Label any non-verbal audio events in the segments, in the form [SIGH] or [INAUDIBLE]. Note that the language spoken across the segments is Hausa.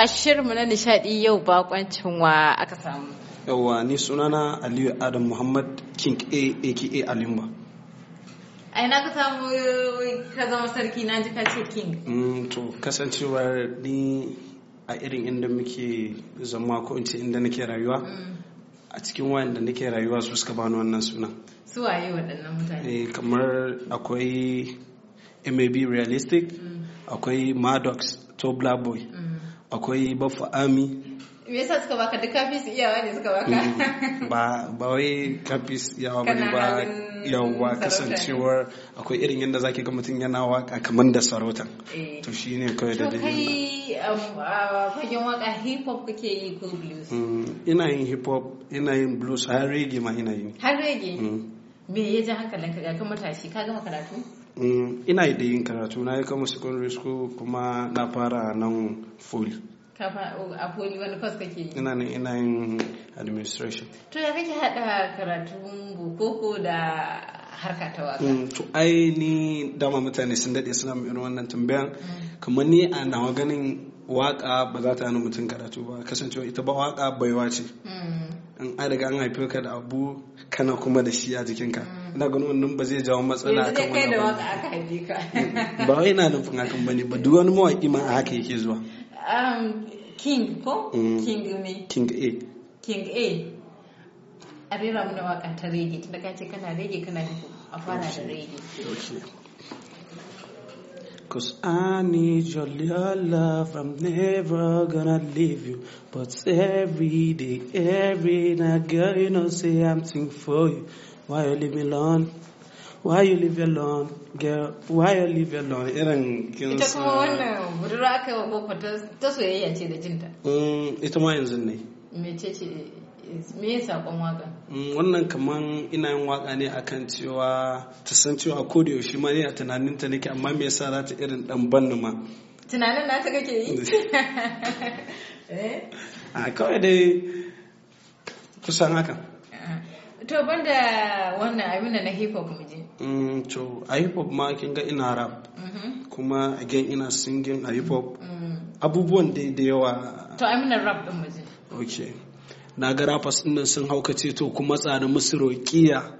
to shirinmu na nishadi yau bakwancin wa aka samu yauwa ni sunana aliyu adam muhammad king a aka alimba a yana ka samu ka zama sarki na ji ce king mm, to kasancewar ni a irin inda muke zama ko in ce inda nake rayuwa mm. a cikin wayan da nake rayuwa su suka bani wannan sunan su waye waɗannan mutane eh, kamar akwai mab realistic mm. akwai maddox Black boy mm. akwai baffa ami me yasa suka baka duk kafis iyawa ne suka baka mm. ba ba wai kafis iyawa bane ba yawwa kasancewar akwai irin yadda zaki ga mutum yana waka kamar da sarautan eh. to shine kawai da dalili kai um, fagen waka hip hop kake yi ko blues mm, ina yin hip hop ina yin blues har rege ma ina yi har rege? Mm. me ya ji hankalinka ga kan matashi ka gama karatu Mm, ina da yin karatu na yi kama secondary school kuma na fara nan foli a foli wani kwas kake yi ina nan ina yin administration to ya kake hada karatun bukoko da harka ta mm, to ai ni dama mutane sun dade suna mai irin wannan tambayan mm. kamar ni a nawa ganin waka ba za ta hana mutum karatu ba kasancewa ita ba waka baiwa ce An an riga an haife ka da abu kana kuma da shi a jikinka mm. ina ganin wannan ba zai jawo matsala akan wani ba mm. ba wai ina nufin hakan bane ba duk wani mawaki ma a haka yake zuwa um, king ko mm. king ne king a king a a rera mana waka ta rege tunda ka ce kana rege kana a fara da rege Cause I need your love, I'm never gonna leave you. But every day, every night, girl, you know, say I'm thinking for you. Why you leave me alone? Why you leave alone, girl? Why you leave alone? Irin kin Ita kuma wannan budurwa aka yi wa ta soyayya ce da jinta. Mm, ita ma yanzu ne. mecece me ya sakon waka mm, wannan kaman ina yin waka ne akan cewa ta san cewa ko da yaushe ma ne a tunanin ta nake amma me yasa za ta irin dan banni ma tunanin na ta kake yi mm. [LAUGHS] eh? a kawai dai kusan haka to banda wannan abin da na hip hop mu je mm, to a hip hop ma kin ga ina rap mm-hmm. kuma again ina singing a hip hop abubuwan da yawa to amina rap din mu je ok na ga rafas nan sun haukace to kuma tsani musu roƙiya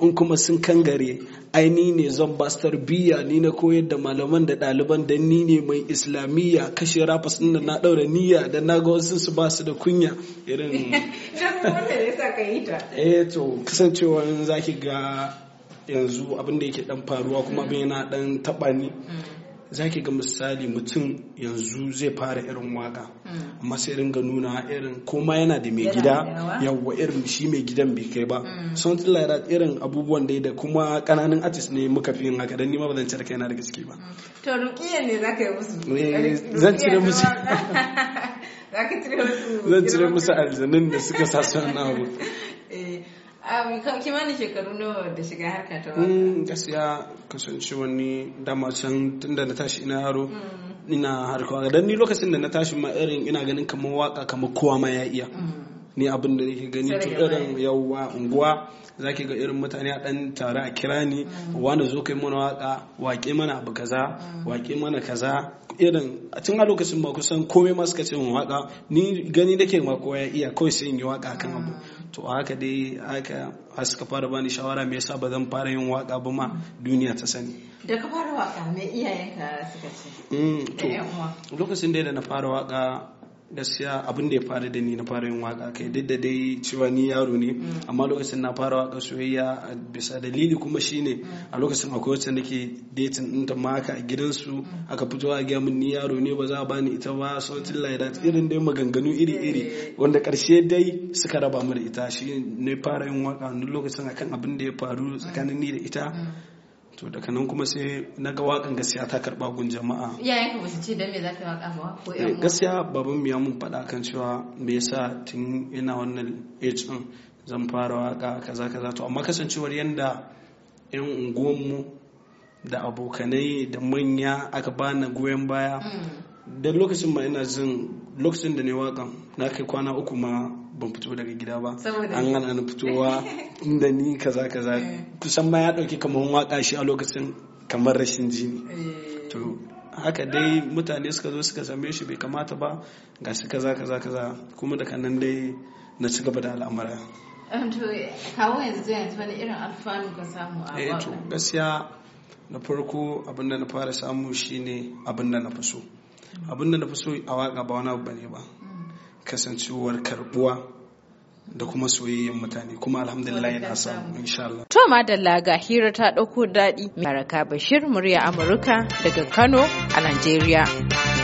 in kuma sun kangare aini ne zan ba su tarbiyya ni na koyar da malaman da ɗaliban da ni ne mai islamiyya kashe rafas ɗin na ɗaura niyya da na ga wasu su ba su da kunya irin [LAUGHS] eh to kasancewa zaki ga yanzu abin da yake dan faruwa kuma abin yana dan taɓa ni mm. za ki ga misali mutum yanzu zai fara irin waka mm. amma sai ga nuna irin koma yana da mai gida yawwa irin shi mai gidan bai kai ba mm. something like that irin abubuwan dai da kuma kananun artist ne muka fi yin haka dan ni ma ba zan cire kaina daga ciki ba mm. to rukiya ne zaka yi musu eh, eh, zan [LAUGHS] [LAUGHS] cire musu zan cire musu aljanun da suka sa su abu [LAUGHS] kimanin shekaru nawa da shiga harka ta waka mm, gaskiya kasance wani tun da na tashi ina yaro mm. ina harka dan ni lokacin da na tashi ma irin ina ganin kamar waka kamar kowa ma ya iya mm. ni abin da nake gani to irin yawwa unguwa zaki ga irin mutane a dan tare a kira ni mm. wanda zo kai mana waka waƙe mana abu kaza mm. waƙe mana kaza irin a tun a lokacin ba kusan komai ma suka ce mun waka ni gani nake ma kowa ya iya kawai sai yi waka kan abu mm. to haka dai haka suka fara bani shawara me yasa ba zan fara yin waka ba ma duniya ta sani da ka fara waka me iyayenka suka ce lokacin da na fara waka gaskiya abin da ya faru da ni na fara yin waka kai duk da dai cewa ni yaro ne amma lokacin na fara waka soyayya bisa dalili kuma shine a lokacin akwai wacce nake dating din ta maka a gidansu aka fito a gaya min ni yaro ne ba za a bani ita ba something like that irin dai maganganu iri iri wanda karshe dai suka raba mu da ita shi ne fara yin waka wani lokacin akan abin da ya faru tsakanin ni da ita to daga nan kuma sai na ga wakan gaskiya ta karba gun jama'a iyayen ka bushe ce me zaka waka ba ko yan eh, gaskiya baban mu ya mun faɗa kan cewa me yasa tun ina wannan age din zan fara waka kaza kaza to amma kasancewar yanda yan unguwan mu da abokanai da manya aka bani goyon baya mm. da lokacin ma ina jin lokacin da ne wakan na kai kwana uku ma ban fito daga gida ba an gana na fitowa inda ni kaza kaza eh. kusan ma ya dauke kamar waka shi a lokacin kamar rashin jini eh. to haka dai mutane suka zo suka same shi bai kamata ba ga shi kaza kaza kaza kuma daga nan dai na ci gaba da al'amara kawo yanzu yanzu wani irin alfanu ka samu a eh, gaskiya na farko abinda na fara samu shine abinda na fi so abinda da na fi so a waka ba wani abu bane ba kasancewar karbuwa da kuma soyayyen mutane kuma alhamdulillah yana samu insha Allah. To madalla ga hira ta dauko daɗi. Baraka Bashir murya Amurka daga Kano a nigeria.